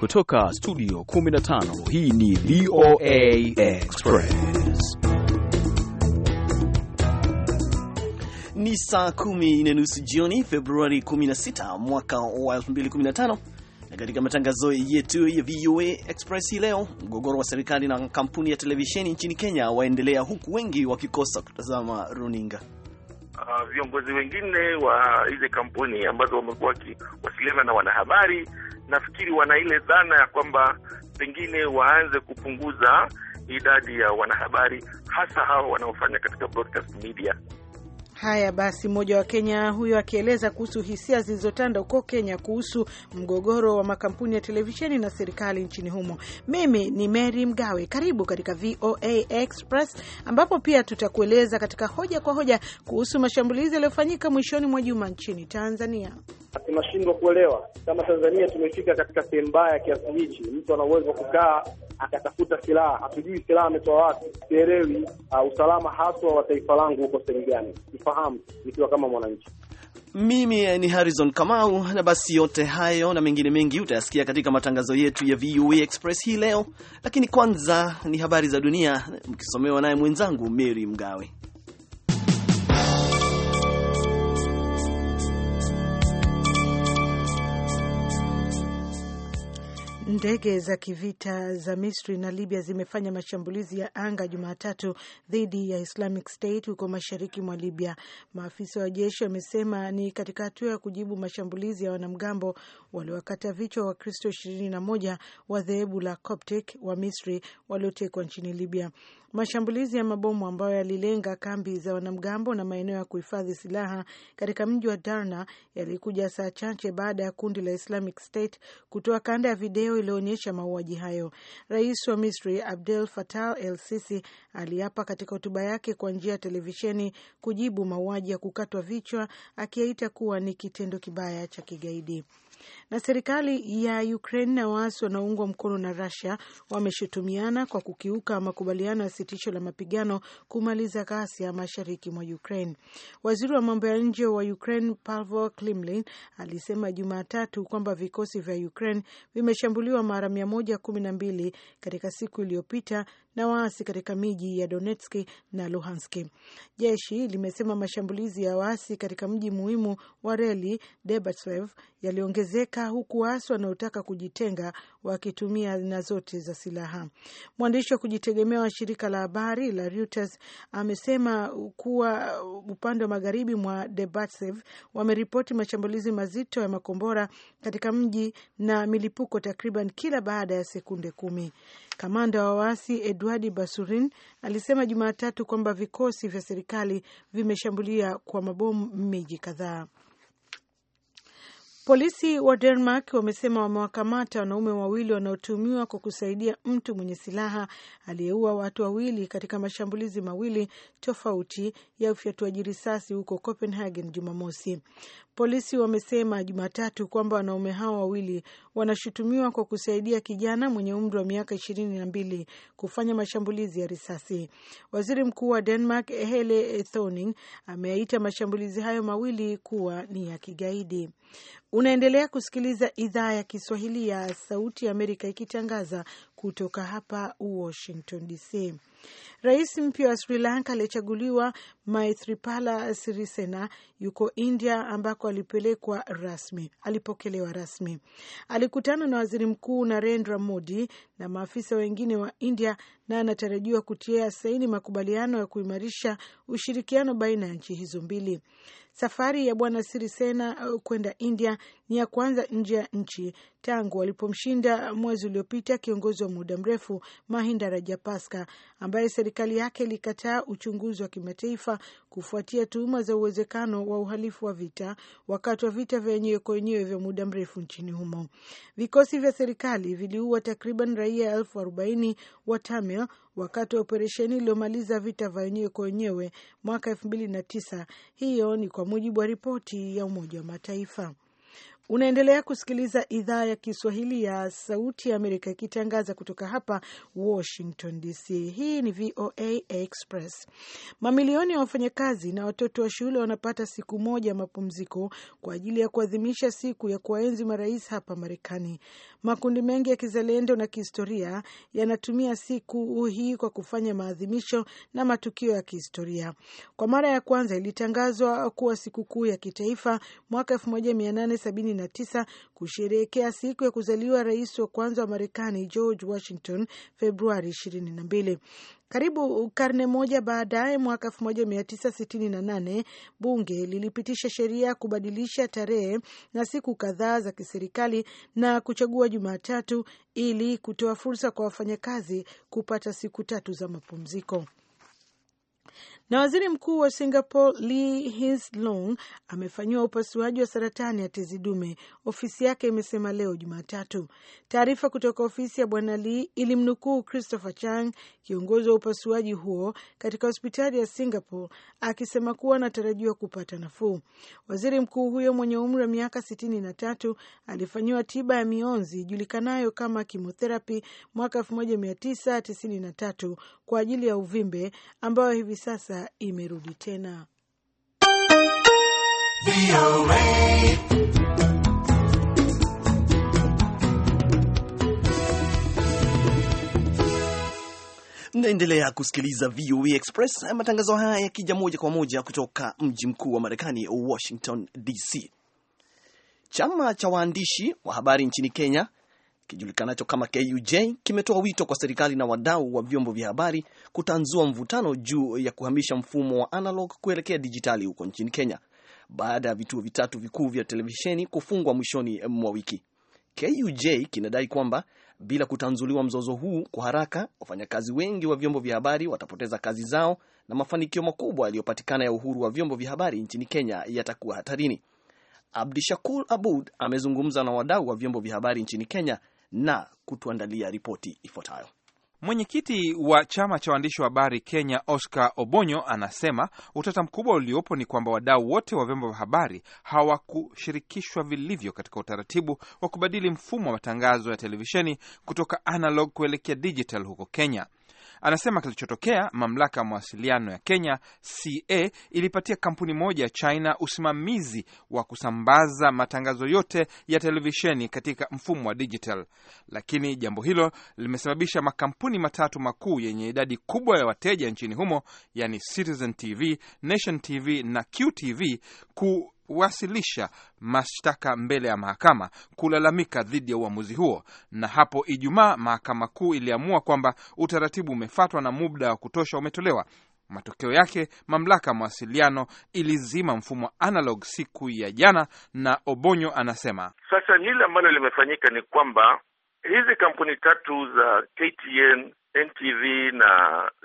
Kutoka studio 15 hii ni VOA Express. Ni saa kumi na nusu jioni Februari 16 mwaka wa 2015 na katika matangazo yetu ya VOA Express hii leo, mgogoro wa serikali na kampuni ya televisheni nchini Kenya waendelea huku wengi wakikosa kutazama runinga. Uh, viongozi wengine wa hizi kampuni ambazo wamekuwa wakiwasiliana na wanahabari nafikiri wana ile dhana ya kwamba pengine waanze kupunguza idadi ya wanahabari hasa hawa wanaofanya katika broadcast media. Haya basi, mmoja wa Kenya huyo akieleza kuhusu hisia zilizotanda huko Kenya kuhusu mgogoro wa makampuni ya televisheni na serikali nchini humo. Mimi ni Mary Mgawe, karibu katika VOA Express ambapo pia tutakueleza katika hoja kwa hoja kuhusu mashambulizi yaliyofanyika mwishoni mwa juma nchini Tanzania tunashindwa kuelewa kama Tanzania tumefika katika sehemu mbaya kiasi hichi. Mtu ana uwezo wa kukaa akatafuta silaha, hatujui silaha ametoa wapi, sielewi. Uh, usalama haswa wa taifa langu huko sehemu gani? Nifahamu nikiwa kama mwananchi. Mimi eh, ni Harrison Kamau, na basi yote hayo na mengine mengi utayasikia katika matangazo yetu ya VOA e Express hii leo, lakini kwanza ni habari za dunia mkisomewa naye mwenzangu Mary Mgawe. Ndege za kivita za Misri na Libya zimefanya mashambulizi ya anga Jumatatu dhidi ya Islamic State huko mashariki mwa Libya. Maafisa wa jeshi wamesema ni katika hatua ya kujibu mashambulizi ya wanamgambo waliwakata vichwa Wakristo moja wa dhehebu la Coptic wa Misri waliotekwa nchini Libya. Mashambulizi ya mabomu ambayo yalilenga kambi za wanamgambo na maeneo ya kuhifadhi silaha katika mji wa Darna yalikuja saa chache baada ya kundi la Islamic State kutoa kanda ya video ulioonyesha mauaji hayo. Rais wa Misri Abdel Fattah El Sisi aliapa katika hotuba yake kwa njia ya televisheni kujibu mauaji ya kukatwa vichwa, akiyaita kuwa ni kitendo kibaya cha kigaidi. Na serikali ya Ukraine na waasi wanaoungwa mkono na Russia wameshutumiana kwa kukiuka makubaliano ya sitisho la mapigano kumaliza ghasia mashariki mwa Ukraine. Waziri wa mambo ya nje wa Ukraine Pavlo Klimlin alisema Jumatatu kwamba vikosi vya Ukraine vimeshambuliwa mara mia moja kumi na mbili katika siku iliyopita na waasi katika miji ya donetski na luhanski Jeshi limesema mashambulizi ya waasi katika mji muhimu wa reli Debaltseve yaliongezeka huku waasi wanaotaka kujitenga wakitumia aina zote za silaha. Mwandishi wa kujitegemea wa shirika la habari la Reuters amesema kuwa upande wa magharibi mwa Debaltseve wameripoti mashambulizi mazito ya makombora katika mji na milipuko takriban kila baada ya sekunde kumi. Kamanda wa waasi Edward Basurin alisema Jumatatu kwamba vikosi vya serikali vimeshambulia kwa mabomu miji kadhaa. Polisi wa Denmark wamesema wamewakamata wanaume wawili wanaotumiwa kwa kusaidia mtu mwenye silaha aliyeua watu wawili katika mashambulizi mawili tofauti ya ufyatuaji risasi huko Copenhagen Jumamosi. Polisi wamesema Jumatatu kwamba wanaume hao wawili wanashutumiwa kwa kusaidia kijana mwenye umri wa miaka ishirini na mbili kufanya mashambulizi ya risasi. Waziri Mkuu wa Denmark Hele Thorning ameyaita mashambulizi hayo mawili kuwa ni ya kigaidi. Unaendelea kusikiliza idhaa ya Kiswahili ya Sauti ya Amerika ikitangaza kutoka hapa Washington DC. Rais mpya wa Sri Lanka aliyechaguliwa Maithripala Sirisena yuko India ambako alipelekwa rasmi, alipokelewa rasmi. Alikutana na waziri mkuu Narendra Modi na maafisa wengine wa India na anatarajiwa kutia saini makubaliano ya kuimarisha ushirikiano baina ya nchi hizo mbili. Safari ya Bwana Sirisena uh, kwenda India ni ya kwanza nje ya nchi tangu walipomshinda mwezi uliopita kiongozi wa muda mrefu Mahinda Rajapaksa ambaye serikali yake ilikataa uchunguzi wa kimataifa kufuatia tuhuma za uwezekano wa uhalifu wa vita wakati wa vita vya wenyewe kwa wenyewe vya muda mrefu nchini humo. Vikosi vya serikali viliua takriban raia elfu arobaini wa Tamil wakati wa operesheni iliyomaliza vita vya wenyewe kwa wenyewe mwaka elfu mbili na tisa. Hiyo ni kwa mujibu wa ripoti ya Umoja wa Mataifa. Unaendelea kusikiliza idhaa ya Kiswahili ya Sauti ya Amerika ikitangaza kutoka hapa Washington DC. Hii ni VOA Express. Mamilioni ya wafanyakazi na watoto wa shule wanapata siku moja mapumziko kwa ajili ya kuadhimisha siku ya kuwaenzi marais hapa Marekani. Makundi mengi ya kizalendo na kihistoria yanatumia siku hii kwa kufanya maadhimisho na matukio ya kihistoria. Kwa mara ya kwanza ilitangazwa kuwa sikukuu ya kitaifa mwaka 1870 29 kusherehekea siku ya kuzaliwa rais wa kwanza wa Marekani George Washington Februari 22. Karibu karne moja baadaye, mwaka 1968 bunge lilipitisha sheria kubadilisha tarehe na siku kadhaa za kiserikali na kuchagua Jumatatu ili kutoa fursa kwa wafanyakazi kupata siku tatu za mapumziko. Na waziri mkuu wa Singapore Lee Hsien Loong amefanyiwa upasuaji wa saratani ya tezi dume, ofisi yake imesema leo Jumatatu. Taarifa kutoka ofisi ya bwana Lee ilimnukuu Christopher Chang, kiongozi wa upasuaji huo katika hospitali ya Singapore, akisema kuwa anatarajiwa kupata nafuu. Waziri mkuu huyo mwenye umri wa miaka sitini na tatu alifanyiwa tiba ya mionzi ijulikanayo kama kimotherapy mwaka 1993 kwa ajili ya uvimbe ambayo hivi sasa sasa imerudi tena. Naendelea kusikiliza VOA e Express, matangazo haya yakija moja kwa moja kutoka mji mkuu wa Marekani, Washington DC. Chama cha waandishi wa habari nchini Kenya kijulikanacho kama KUJ kimetoa wito kwa serikali na wadau wa vyombo vya habari kutanzua mvutano juu ya kuhamisha mfumo wa analog kuelekea dijitali huko nchini Kenya baada ya vituo vitatu vikuu vya televisheni kufungwa mwishoni mwa wiki. KUJ kinadai kwamba bila kutanzuliwa mzozo huu kwa haraka, wafanyakazi wengi wa vyombo vya habari watapoteza kazi zao na mafanikio makubwa yaliyopatikana ya uhuru wa vyombo vya habari nchini Kenya yatakuwa hatarini. Abdishakur Abud amezungumza na wadau wa vyombo vya habari nchini Kenya na kutuandalia ripoti ifuatayo. Mwenyekiti wa chama cha waandishi wa habari Kenya, Oscar Obonyo, anasema utata mkubwa uliopo ni kwamba wadau wote wa vyombo vya habari hawakushirikishwa vilivyo katika utaratibu wa kubadili mfumo wa matangazo ya televisheni kutoka analog kuelekea digital huko Kenya. Anasema kilichotokea, mamlaka ya mawasiliano ya Kenya CA ilipatia kampuni moja ya China usimamizi wa kusambaza matangazo yote ya televisheni katika mfumo wa digital, lakini jambo hilo limesababisha makampuni matatu makuu yenye idadi kubwa ya wateja nchini humo, yani Citizen TV, Nation TV na QTV ku wasilisha mashtaka mbele ya mahakama kulalamika dhidi ya uamuzi huo. Na hapo Ijumaa mahakama kuu iliamua kwamba utaratibu umefatwa na muda wa kutosha umetolewa. Matokeo yake mamlaka ya mawasiliano ilizima mfumo analog siku ya jana, na Obonyo anasema sasa hili ambalo limefanyika ni kwamba hizi kampuni tatu za KTN, NTV na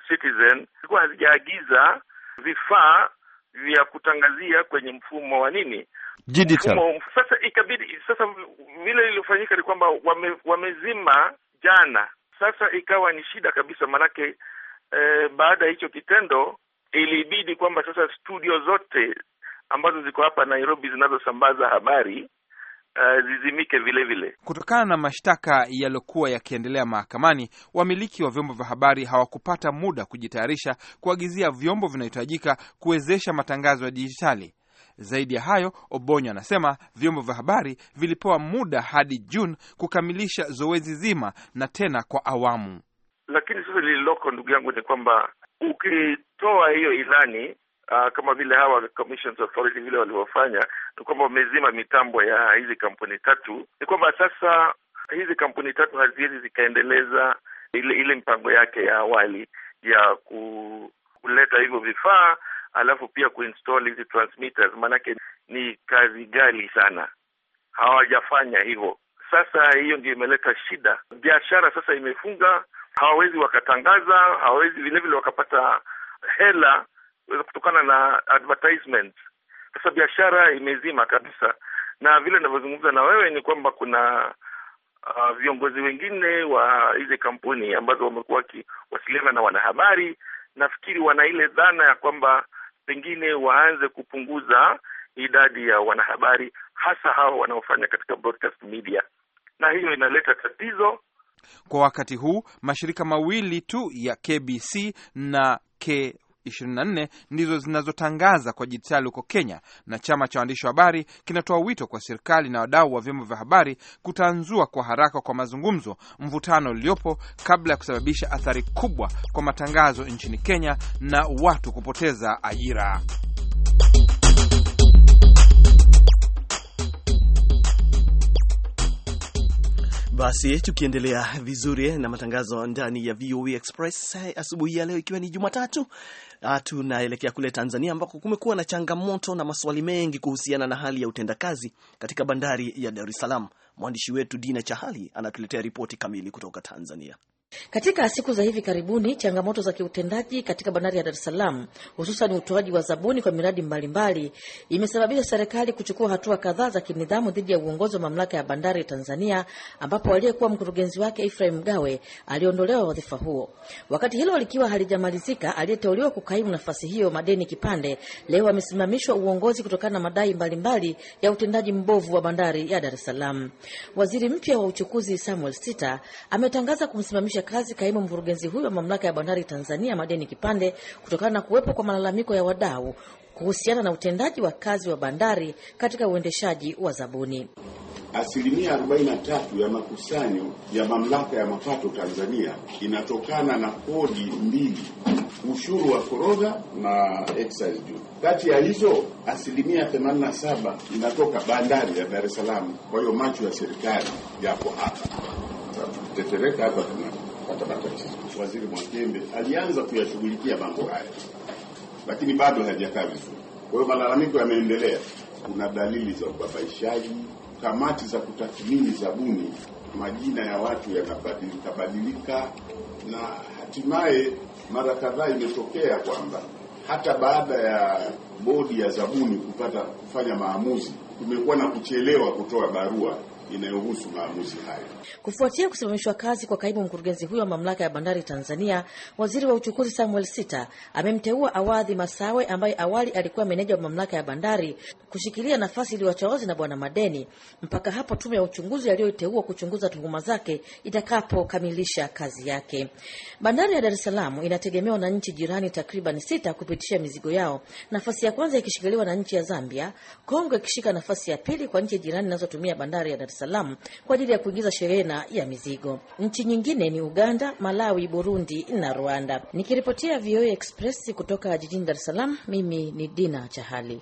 Citizen zilikuwa hazijaagiza vifaa vya kutangazia kwenye mfumo wa nini Mfumo, sasa ikabidi sasa, vile lilofanyika ni kwamba wame, wamezima jana. Sasa ikawa ni shida kabisa, manake e, baada ya hicho kitendo ilibidi kwamba sasa studio zote ambazo ziko hapa Nairobi zinazosambaza habari Eh, zizimike vile vile. Kutokana na mashtaka yaliyokuwa yakiendelea mahakamani, wamiliki wa vyombo vya habari hawakupata muda kujitayarisha kuagizia vyombo vinavyohitajika kuwezesha matangazo ya dijitali. Zaidi ya hayo, Obonyo anasema vyombo vya habari vilipewa muda hadi Juni kukamilisha zoezi zima na tena kwa awamu. Lakini sasa lililoko, ndugu yangu, ni kwamba ukitoa hiyo ilani uh, kama vile hawa Commissions Authority vile walivyofanya ni kwamba wamezima mitambo ya hizi kampuni tatu. Ni kwamba sasa hizi kampuni tatu haziwezi zikaendeleza ile, ile mpango yake ya awali ya ku, kuleta hivyo vifaa alafu pia kuinstall hizi transmitters, maanake ni kazi ghali sana, hawajafanya hivyo. Sasa hiyo ndio imeleta shida. Biashara sasa imefunga, hawawezi wakatangaza, hawawezi vilevile wakapata hela kutokana na advertisement. Sasa biashara imezima kabisa, na vile ninavyozungumza na wewe ni kwamba kuna uh, viongozi wengine wa hizi kampuni ambazo wamekuwa wakiwasiliana na wanahabari, nafikiri wana ile dhana ya kwamba pengine waanze kupunguza idadi ya wanahabari, hasa hawa wanaofanya katika broadcast media, na hiyo inaleta tatizo. Kwa wakati huu mashirika mawili tu ya KBC na K 24 ndizo zinazotangaza kwa jitihali huko Kenya, na chama cha waandishi wa habari kinatoa wito kwa serikali na wadau wa vyombo vya habari kutanzua kwa haraka kwa mazungumzo mvutano uliopo kabla ya kusababisha athari kubwa kwa matangazo nchini Kenya na watu kupoteza ajira. Basi tukiendelea vizuri na matangazo ndani ya VOA e Express eh, asubuhi ya leo, ikiwa ni Jumatatu, ah, tunaelekea kule Tanzania ambako kumekuwa na changamoto na maswali mengi kuhusiana na hali ya utendakazi katika bandari ya Dar es Salaam. Mwandishi wetu Dina Chahali anatuletea ripoti kamili kutoka Tanzania. Katika siku za hivi karibuni, changamoto za kiutendaji katika bandari ya Dar es Salaam, hususan utoaji wa zabuni kwa miradi mbalimbali, imesababisha serikali kuchukua hatua kadhaa za kinidhamu dhidi ya uongozi wa mamlaka ya bandari Tanzania, ambapo aliyekuwa mkurugenzi wake Ephraim Mgawe aliondolewa wadhifa huo. Wakati hilo likiwa halijamalizika, aliyeteuliwa kukaimu nafasi hiyo Madeni Kipande leo amesimamishwa uongozi kutokana na madai mbalimbali ya utendaji mbovu wa bandari ya Dar es Salaam. Waziri mpya wa uchukuzi Samuel Sita ametangaza kumsimamisha kumfuta kazi kaimu mkurugenzi huyo wa mamlaka ya bandari Tanzania Madeni Kipande kutokana na kuwepo kwa malalamiko ya wadau kuhusiana na utendaji wa kazi wa bandari katika uendeshaji wa zabuni. Asilimia 43 ya makusanyo ya mamlaka ya mapato Tanzania inatokana na kodi mbili, ushuru wa forodha na excise duty. Kati ya hizo asilimia 87 inatoka bandari ya Dar es Salaam. Kwa hiyo macho ya serikali yapo hapa, tutetereka hapa Tabakachi, Waziri mwakembe alianza kuyashughulikia mambo haya, lakini bado hayajakaa vizuri. Kwa hiyo malalamiko yameendelea. Kuna dalili za ubabaishaji, kamati za kutathmini zabuni, majina ya watu yanabadilika badilika, na hatimaye mara kadhaa imetokea kwamba hata baada ya bodi ya zabuni kupata kufanya maamuzi, kumekuwa na kuchelewa kutoa barua inayohusu maamuzi hayo. Kufuatia kusimamishwa kazi kwa kaimu mkurugenzi huyo wa mamlaka ya bandari Tanzania, waziri wa uchukuzi Samuel Sita amemteua Awadhi Masawe ambaye awali alikuwa meneja wa mamlaka ya bandari kushikilia nafasi iliyoachwa wazi na Bwana Madeni mpaka hapo tume ya uchunguzi aliyoiteua kuchunguza tuhuma zake itakapokamilisha kazi yake. Bandari ya Dar es Salaam inategemewa na nchi jirani takriban sita kupitisha mizigo yao, nafasi ya kwanza ikishikiliwa na nchi ya Zambia, Kongo ikishika nafasi ya pili kwa nchi jirani zinazotumia bandari ya Dar es Salaam kwa ajili ya kuingiza shehena ya mizigo. Nchi nyingine ni Uganda, Malawi, Burundi na Rwanda. Nikiripotia VOA e Express kutoka jijini Dar es Salaam, mimi ni Dina Chahali.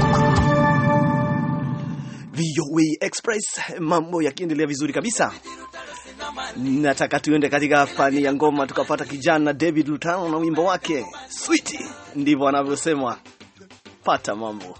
VOA Express, mambo yakiendelea vizuri kabisa. Nataka tuende katika fani ya ngoma, tukapata kijana David Lutano na wimbo wake Sweet, ndivyo anavyosema. Pata mambo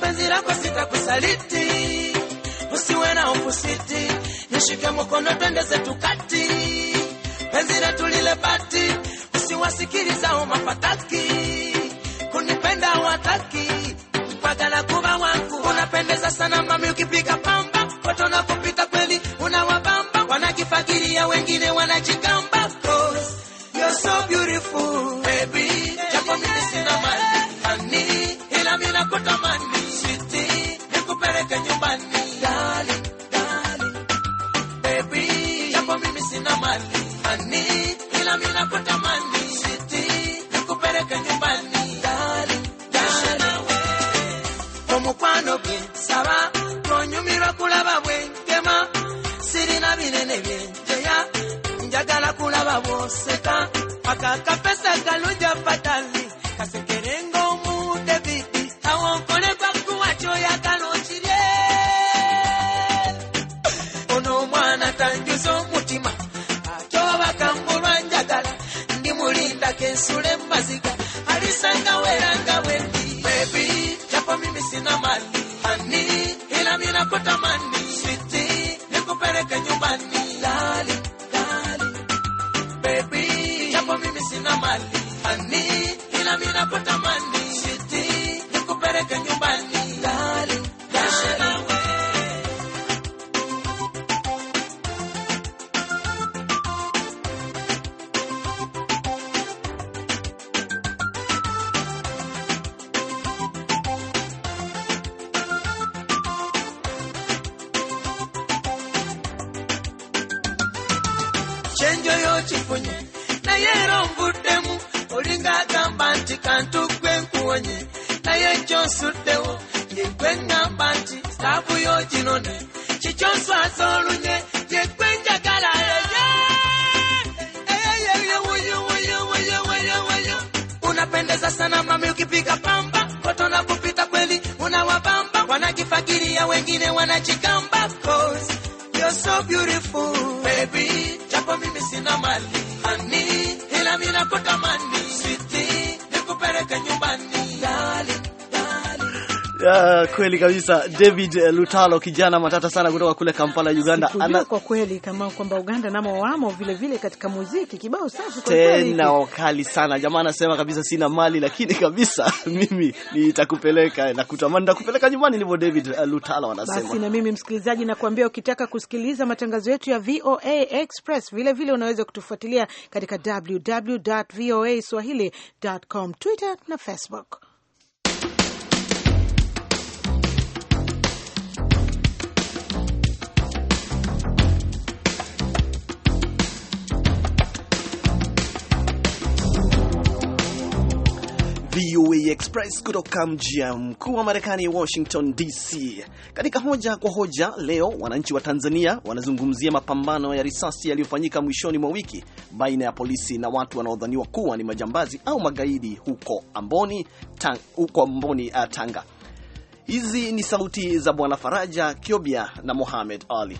penzi lako sitakusaliti, usiwe na ufusiti, nishike mkono twende zetu kati, penzi letu lile bati, usiwasikilizao mapataki, kunipenda wataki mpaka na kuba wangu, unapendeza sana mami, ukipiga pamba watu wanakupita Aquí de banji kantu gwen kuonye na ye josu dewo ye gwen na banji sabu yo jinone chi josu azolunye ye gwen jagala ye ye ye ye wuyo wuyo wuyo wuyo wuyo unapendeza sana mami ukipika pamba koto na kupita kweli unawabamba wanakifakiria wengine wanachikamba cause you're so beautiful baby Uh, kweli kabisa David eh, Lutalo, kijana matata sana kutoka kule Kampala, Uganda. Ana... kwa kweli kama kwamba Uganda namo wamo vile vile katika muziki kibao safi kwa kweli. Tena wakali sana. Jamaa anasema kabisa sina mali lakini kabisa mimi nitakupeleka na kutamani nitakupeleka nyumbani, ndivyo David eh, Lutalo anasema. Basi na mimi msikilizaji, nakwambia ukitaka kusikiliza matangazo yetu ya VOA Express vile vile unaweza kutufuatilia katika www.voaswahili.com, Twitter na Facebook. VOA Express kutoka mji mkuu wa Marekani, Washington DC. Katika hoja kwa hoja leo, wananchi wa Tanzania wanazungumzia mapambano ya risasi yaliyofanyika mwishoni mwa wiki baina ya polisi na watu wanaodhaniwa kuwa ni majambazi au magaidi huko Amboni, tang, huko Amboni uh, Tanga. Hizi ni sauti za Bwana Faraja Kiobia na Mohamed Ali.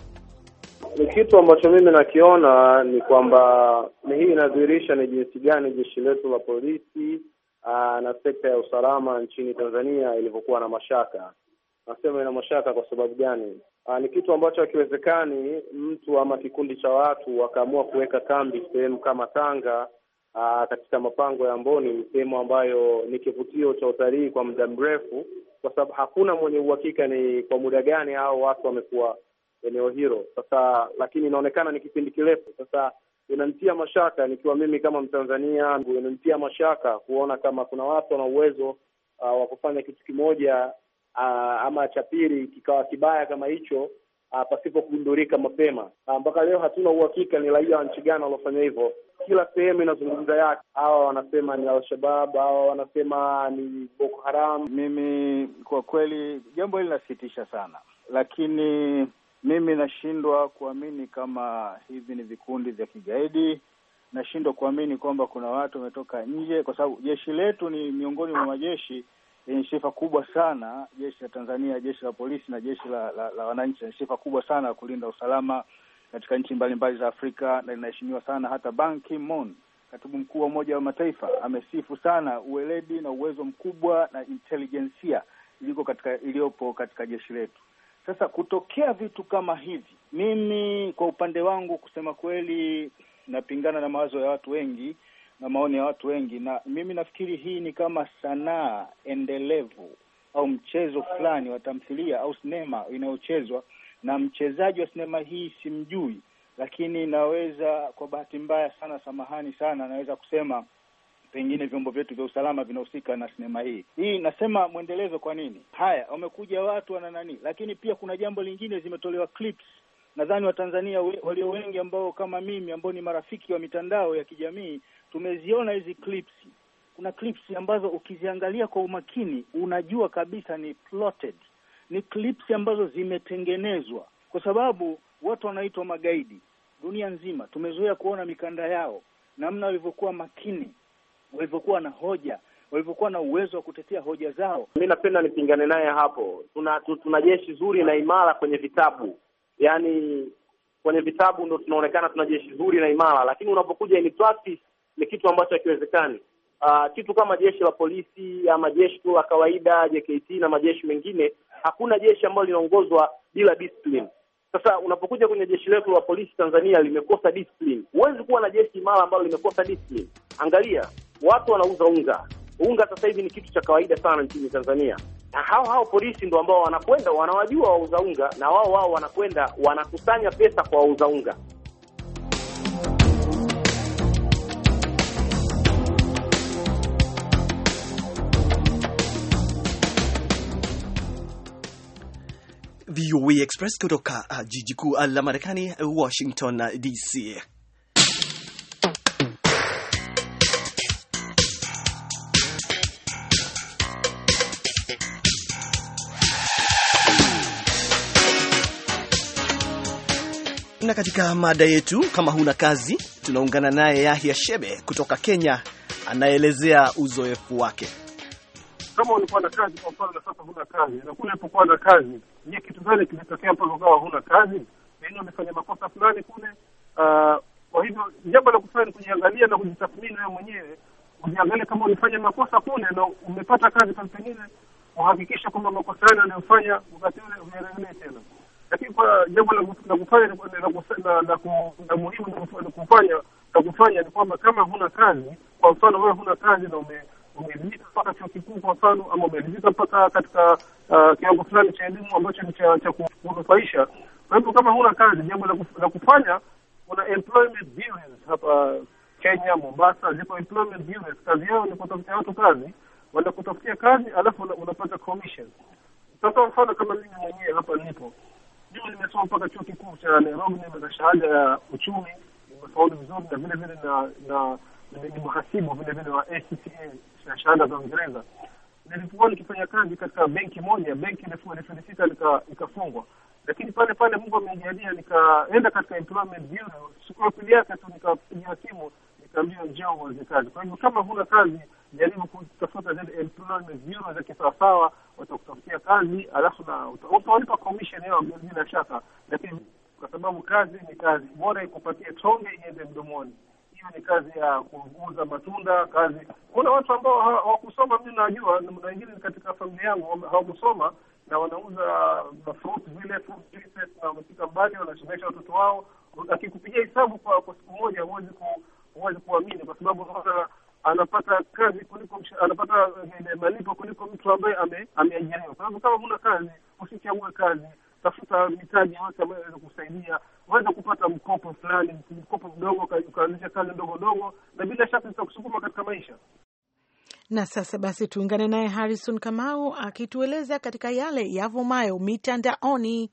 Ni kitu ambacho mimi nakiona ni kwamba hii inadhihirisha ni jinsi gani jeshi letu la polisi Ah, na sekta ya usalama nchini Tanzania ilivyokuwa na mashaka. Nasema ina mashaka kwa sababu gani? Aa, ah, ni kitu ambacho hakiwezekani mtu ama kikundi cha watu wakaamua kuweka kambi sehemu kama Tanga, aa, ah, katika mapango ya Mboni, sehemu ambayo ni kivutio cha utalii kwa muda mrefu, kwa sababu hakuna mwenye uhakika ni kwa muda gani hao watu wamekuwa eneo hilo sasa, lakini inaonekana ni kipindi kirefu sasa inanitia mashaka nikiwa mimi kama Mtanzania, inanitia mashaka kuona kama kuna watu wana uwezo uh, wa kufanya kitu kimoja uh, ama cha pili kikawa kibaya kama hicho uh, pasipo kugundulika mapema. Uh, mpaka leo hatuna uhakika ni raia wa nchi gani waliofanya hivyo. Kila sehemu inazungumza yake, hawa wanasema ni alshabab hawa wanasema ni Boko Haram. Mimi kwa kweli jambo hili linasikitisha sana, lakini mimi nashindwa kuamini kama hivi ni vikundi vya kigaidi. Nashindwa kuamini kwamba kuna watu wametoka nje, kwa sababu jeshi letu ni miongoni mwa majeshi yenye sifa kubwa sana. Jeshi la Tanzania, jeshi la polisi na jeshi la, la, la wananchi lenye sifa kubwa sana ya kulinda usalama katika nchi mbalimbali za Afrika na linaheshimiwa sana. Hata Ban Ki-moon, katibu mkuu wa Umoja wa Mataifa, amesifu sana uweledi na uwezo mkubwa na intelijensia iliyopo katika jeshi letu. Sasa kutokea vitu kama hivi, mimi kwa upande wangu kusema kweli, napingana na mawazo ya watu wengi na maoni ya watu wengi, na mimi nafikiri hii ni kama sanaa endelevu au mchezo fulani wa tamthilia au sinema inayochezwa na mchezaji wa sinema hii simjui, lakini naweza kwa bahati mbaya sana, samahani sana, naweza kusema pengine vyombo vyetu vya usalama vinahusika na sinema hii. Hii nasema mwendelezo. Kwa nini haya wamekuja watu wana nani? Lakini pia kuna jambo lingine, zimetolewa clips nadhani Watanzania walio wengi ambao kama mimi ambao ni marafiki wa mitandao ya kijamii tumeziona hizi clips. Kuna clips ambazo ukiziangalia kwa umakini unajua kabisa ni plotted, ni clips ambazo zimetengenezwa, kwa sababu watu wanaitwa magaidi dunia nzima. Tumezoea kuona mikanda yao, namna walivyokuwa makini walivyokuwa na hoja, walivyokuwa na uwezo wa kutetea hoja zao. Mi napenda nipingane naye hapo. Tuna tuna jeshi zuri na imara kwenye vitabu, yaani kwenye vitabu ndo tunaonekana tuna jeshi zuri na imara, lakini unapokuja in practice ni kitu ambacho hakiwezekani. Uh, kitu kama jeshi la polisi ama jeshi tu la kawaida JKT na majeshi mengine, hakuna jeshi ambalo linaongozwa bila discipline. Sasa unapokuja kwenye jeshi letu la polisi Tanzania limekosa discipline. Huwezi kuwa na jeshi imara ambalo limekosa discipline. Angalia watu wanauza unga. Unga sasa hivi ni kitu cha kawaida sana nchini Tanzania, na hao hao polisi ndo ambao wanakwenda wanawajua wauza unga, na wao wao wanakwenda wanakusanya pesa kwa wauza unga. VOA Express kutoka uh, jiji kuu la Marekani, Washington DC. tena katika mada yetu, kama huna kazi, tunaungana naye Yahya Shebe kutoka Kenya, anaelezea uzoefu wake. Kama ulikuwa na kazi kwa mfano na sasa huna kazi, na kule ulipokuwa na kazi, ni kitu gani kilitokea mpaka ukawa huna kazi? Pengine umefanya makosa fulani kule. Ah, kwa hivyo jambo la kufanya ni kujiangalia na kujitathmini wewe mwenyewe, ujiangalie kama ulifanya makosa kule na umepata kazi, pengine uhakikisha kwamba makosa yale uliyofanya wakati ule uyarejelee tena. Lakini kwa jambo la kufanya la muhimu la kufanya ni kwamba kama huna kazi, kwa mfano wewe huna kazi na ume umeridhika mpaka chuo kikuu kwa mfano, ama umeridhika mpaka katika uh, kiwango fulani cha elimu ambacho ni cha, cha kunufaisha. Kwa hivyo kama huna kazi, jambo la kufanya, kuna employment bureaus hapa Kenya, Mombasa zipo employment bureaus. Kazi yao ni kutafutia watu kazi, wanakutafutia kazi alafu unapata commission. Sasa mfano kama mimi mwenyewe hapa nilipo mimi nimesoma mpaka chuo kikuu cha Nairobi, na shahada ya uchumi, nimefaulu vizuri, na vile vile na na ni mhasibu vile vile wa ACCA ya shahada za Uingereza. Nilipokuwa nikifanya kazi katika benki moja, benki elfu elfu sita lakini pale pale Mungu amenijalia nikaenda katika employment bureau, siku ya pili yake tu nikapigia simu kutamia njia uwezekani. Kwa hivyo kama huna kazi, jaribu kutafuta zile employment bureau za kisawasawa, watakutafutia kazi, alafu na utawalipa commission yao bila shaka, lakini kwa sababu kazi ni kazi, bora ikupatie tonge iende mdomoni. Hiyo ni kazi ya kuuza matunda, kazi. Kuna watu ambao hawakusoma, mi najua, na wengine katika familia yangu hawakusoma na wanauza mafruit vile na wamefika mbali, wanasomesha watoto wao. Akikupigia hesabu kwa siku moja huwezi huwezi kuamini, kwa sababu sasa anapata kazi kuliko anapata eh, malipo kuliko mtu ambaye ameajiriwa. Kwa sababu kama huna kazi, usichague kazi, tafuta mitaji yote ambayo inaweza kusaidia waweza kupata mkopo fulani, mkopo mdogo, ukaanzisha kazi ndogo ndogo, na bila shaka zitakusukuma katika maisha. Na sasa basi tuungane naye Harrison Kamau akitueleza katika yale yavumayo mitandaoni.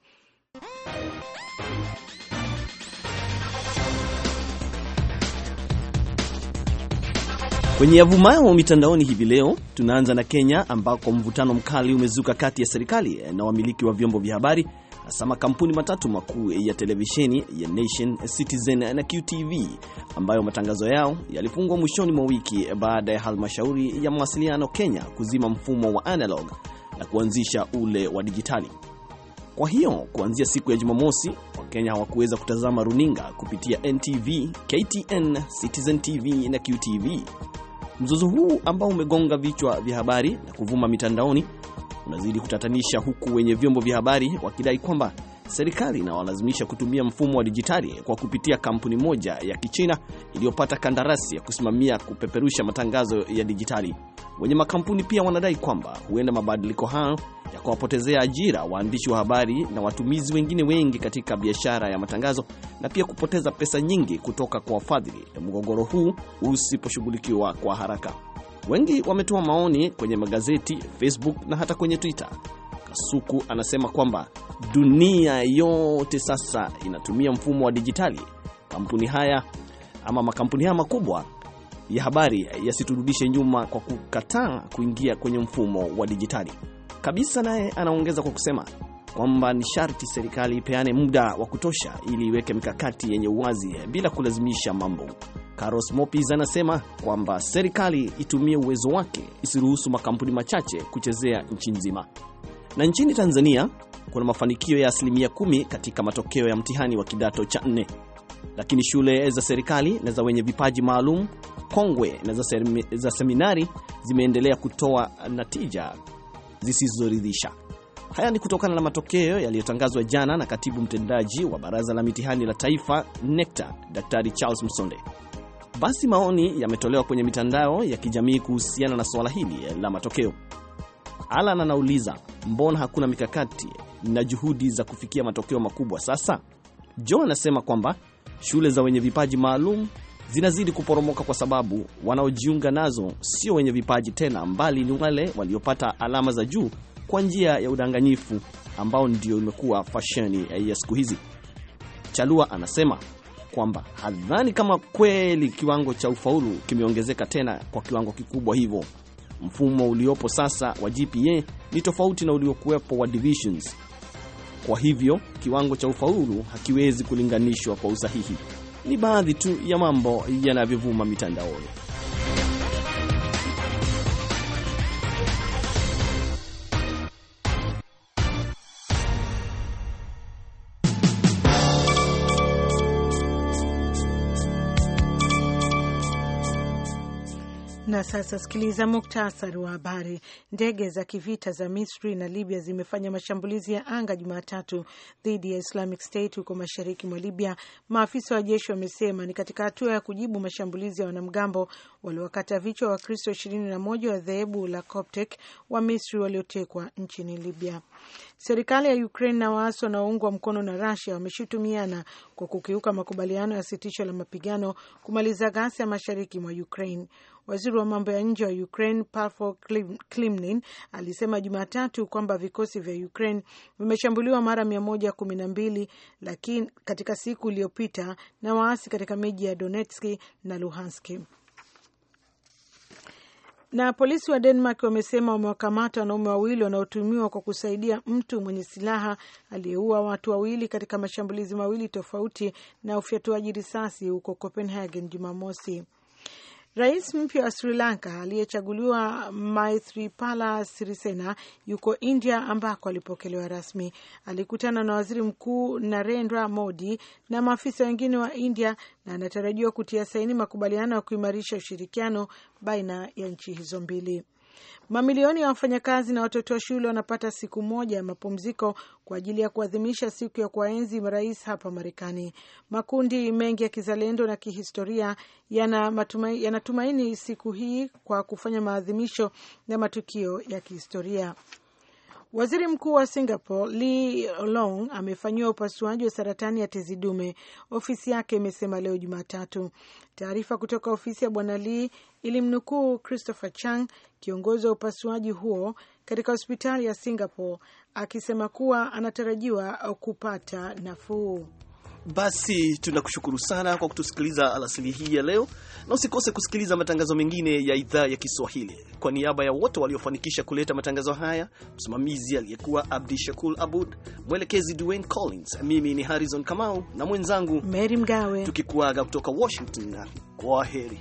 Kwenye yavumayo mitandaoni hivi leo, tunaanza na Kenya ambako mvutano mkali umezuka kati ya serikali na wamiliki wa vyombo vya habari, hasa makampuni matatu makuu ya televisheni ya Nation, Citizen na QTV ambayo matangazo yao yalifungwa mwishoni mwa wiki baada ya halmashauri ya mawasiliano Kenya kuzima mfumo wa analog na kuanzisha ule wa dijitali. Kwa hiyo kuanzia siku ya Jumamosi, Wakenya hawakuweza kutazama runinga kupitia NTV, KTN, Citizen TV na QTV. Mzozo huu ambao umegonga vichwa vya habari na kuvuma mitandaoni unazidi kutatanisha, huku wenye vyombo vya habari wakidai kwamba serikali inawalazimisha kutumia mfumo wa dijitali kwa kupitia kampuni moja ya Kichina iliyopata kandarasi ya kusimamia kupeperusha matangazo ya dijitali. Wenye makampuni pia wanadai kwamba huenda mabadiliko hayo ya kuwapotezea ajira waandishi wa habari na watumizi wengine wengi katika biashara ya matangazo na pia kupoteza pesa nyingi kutoka kwa wafadhili mgogoro huu usiposhughulikiwa kwa haraka. Wengi wametoa maoni kwenye magazeti, Facebook na hata kwenye Twitter. Kasuku anasema kwamba dunia yote sasa inatumia mfumo wa dijitali. Kampuni haya ama makampuni haya makubwa ya habari yasiturudishe nyuma kwa kukataa kuingia kwenye mfumo wa dijitali kabisa. Naye anaongeza kwa kusema kwamba ni sharti serikali ipeane muda wa kutosha ili iweke mikakati yenye uwazi bila kulazimisha mambo. Carlos Mopis anasema kwamba serikali itumie uwezo wake, isiruhusu makampuni machache kuchezea nchi nzima. Na nchini Tanzania kuna mafanikio ya asilimia kumi katika matokeo ya mtihani wa kidato cha nne, lakini shule za serikali na za wenye vipaji maalum kongwe na za, sermi, za seminari zimeendelea kutoa natija zisizoridhisha. Haya ni kutokana na matokeo yaliyotangazwa jana na katibu mtendaji wa Baraza la Mitihani la Taifa NECTA, Daktari Charles Msonde. Basi maoni yametolewa kwenye mitandao ya kijamii kuhusiana na suala hili la matokeo. Alan anauliza, mbona hakuna mikakati na juhudi za kufikia matokeo makubwa. Sasa Joe anasema kwamba shule za wenye vipaji maalum zinazidi kuporomoka kwa sababu wanaojiunga nazo sio wenye vipaji tena, mbali ni wale waliopata alama za juu kwa njia ya udanganyifu ambao ndio imekuwa fasheni ya siku hizi. Chalua anasema kwamba hadhani kama kweli kiwango cha ufaulu kimeongezeka tena kwa kiwango kikubwa hivyo. Mfumo uliopo sasa wa GPA ni tofauti na uliokuwepo wa divisions, kwa hivyo kiwango cha ufaulu hakiwezi kulinganishwa kwa usahihi. Ni baadhi tu ya mambo yanavyovuma mitandaoni. Na sasa sikiliza muktasari wa habari. Ndege za kivita za Misri na Libya zimefanya mashambulizi ya anga Jumatatu dhidi ya Islamic State huko mashariki mwa Libya, maafisa wa jeshi wamesema ni katika hatua ya kujibu mashambulizi ya wanamgambo waliowakata vichwa Wakristo ishirini na moja wa dhehebu la Coptic wa Misri waliotekwa nchini Libya. Serikali ya Ukraine na waasi wanaoungwa mkono na Russia wameshutumiana kwa kukiuka makubaliano ya sitisho la mapigano kumaliza ghasia mashariki mwa Ukraine. Waziri wa mambo ya nje wa Ukraine Pavlo Klimnin alisema Jumatatu kwamba vikosi vya Ukraine vimeshambuliwa mara mia moja kumi na mbili lakini katika siku iliyopita na waasi katika miji ya Donetski na Luhanski na polisi wa Denmark wamesema wamewakamata wanaume wawili wanaotumiwa kwa kusaidia mtu mwenye silaha aliyeua watu wawili katika mashambulizi mawili tofauti na ufyatuaji risasi huko Copenhagen Jumamosi. Rais mpya wa Sri Lanka aliyechaguliwa Maithripala Sirisena yuko India ambako alipokelewa rasmi. Alikutana na waziri mkuu Narendra Modi na maafisa wengine wa India na anatarajiwa kutia saini makubaliano ya kuimarisha ushirikiano baina ya nchi hizo mbili. Mamilioni ya wafanyakazi na watoto wa shule wanapata siku moja ya mapumziko kwa ajili ya kuadhimisha siku ya kuwaenzi marais hapa Marekani. Makundi mengi ya kizalendo na kihistoria yanatumaini siku hii kwa kufanya maadhimisho na matukio ya kihistoria. Waziri mkuu wa Singapore Lee Long amefanyiwa upasuaji wa saratani ya tezi dume, ofisi yake imesema leo Jumatatu. Taarifa kutoka ofisi ya bwana Lee ilimnukuu Christopher Chang, kiongozi wa upasuaji huo katika hospitali ya Singapore, akisema kuwa anatarajiwa kupata nafuu. Basi tunakushukuru sana kwa kutusikiliza alasili hii ya leo, na usikose kusikiliza matangazo mengine ya idhaa ya Kiswahili. Kwa niaba ya wote waliofanikisha kuleta matangazo haya, msimamizi aliyekuwa Abdi Shakur Abud, mwelekezi Dwayne Collins, mimi ni Harrison Kamau na mwenzangu Mary Mgawe, tukikuaga kutoka Washington. Kwa heri.